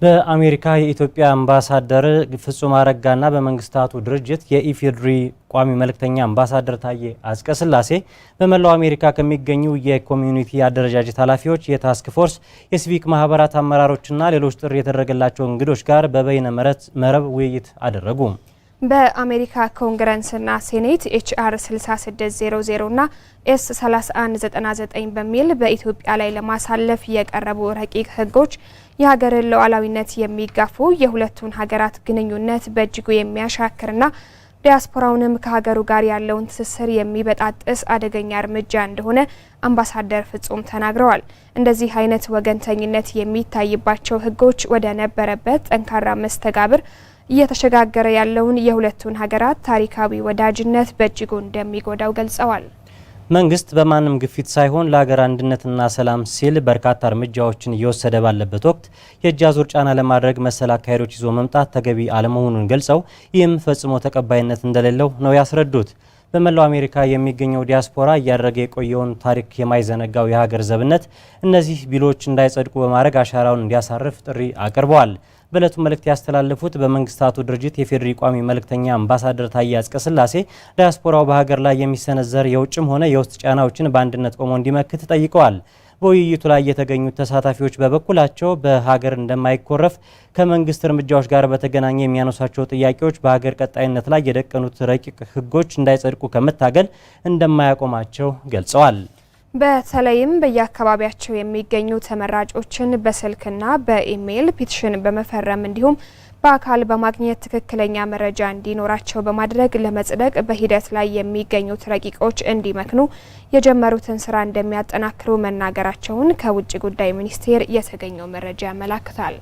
በአሜሪካ የኢትዮጵያ አምባሳደር ፍጹም አረጋና በመንግስታቱ ድርጅት የኢፌድሪ ቋሚ መልእክተኛ አምባሳደር ታዬ አጽቀሥላሴ በመላው አሜሪካ ከሚገኙ የኮሚኒቲ አደረጃጀት ኃላፊዎች፣ የታስክ ፎርስ፣ የሲቪክ ማህበራት አመራሮችና ሌሎች ጥሪ የተደረገላቸው እንግዶች ጋር በበይነ መረብ ውይይት አደረጉ። በአሜሪካ ኮንግረስና ሴኔት ኤችአር 6600 እና ኤስ 3199 በሚል በኢትዮጵያ ላይ ለማሳለፍ የቀረቡ ረቂቅ ህጎች የሀገርን ሉዓላዊነት የሚጋፉ የሁለቱን ሀገራት ግንኙነት በእጅጉ የሚያሻክርና ዲያስፖራውንም ከሀገሩ ጋር ያለውን ትስስር የሚበጣጥስ አደገኛ እርምጃ እንደሆነ አምባሳደር ፍጹም ተናግረዋል። እንደዚህ አይነት ወገንተኝነት የሚታይባቸው ህጎች ወደ ነበረበት ጠንካራ መስተጋብር እየተሸጋገረ ያለውን የሁለቱን ሀገራት ታሪካዊ ወዳጅነት በእጅጉ እንደሚጎዳው ገልጸዋል። መንግስት በማንም ግፊት ሳይሆን ለሀገር አንድነትና ሰላም ሲል በርካታ እርምጃዎችን እየወሰደ ባለበት ወቅት የእጅ አዙር ጫና ለማድረግ መሰል አካሄዶች ይዞ መምጣት ተገቢ አለመሆኑን ገልጸው ይህም ፈጽሞ ተቀባይነት እንደሌለው ነው ያስረዱት። በመላው አሜሪካ የሚገኘው ዲያስፖራ እያደረገ የቆየውን ታሪክ የማይዘነጋው የሀገር ዘብነት እነዚህ ቢሎች እንዳይጸድቁ በማድረግ አሻራውን እንዲያሳርፍ ጥሪ አቅርበዋል። በዕለቱ መልእክት ያስተላለፉት በመንግስታቱ ድርጅት የፌዴሪ ቋሚ መልእክተኛ አምባሳደር ታዬ አጽቀሥላሴ ዳያስፖራው በሀገር ላይ የሚሰነዘር የውጭም ሆነ የውስጥ ጫናዎችን በአንድነት ቆሞ እንዲመክት ጠይቀዋል። በውይይቱ ላይ የተገኙት ተሳታፊዎች በበኩላቸው በሀገር እንደማይኮረፍ ከመንግስት እርምጃዎች ጋር በተገናኘ የሚያነሷቸው ጥያቄዎች በሀገር ቀጣይነት ላይ የደቀኑት ረቂቅ ህጎች እንዳይጸድቁ ከመታገል እንደማያቆማቸው ገልጸዋል። በተለይም በየአካባቢያቸው የሚገኙ ተመራጮችን በስልክና በኢሜይል ፒቲሽን በመፈረም እንዲሁም በአካል በማግኘት ትክክለኛ መረጃ እንዲኖራቸው በማድረግ ለመጽደቅ በሂደት ላይ የሚገኙት ረቂቆች እንዲመክኑ የጀመሩትን ስራ እንደሚያጠናክሩ መናገራቸውን ከውጭ ጉዳይ ሚኒስቴር የተገኘው መረጃ ያመላክታል።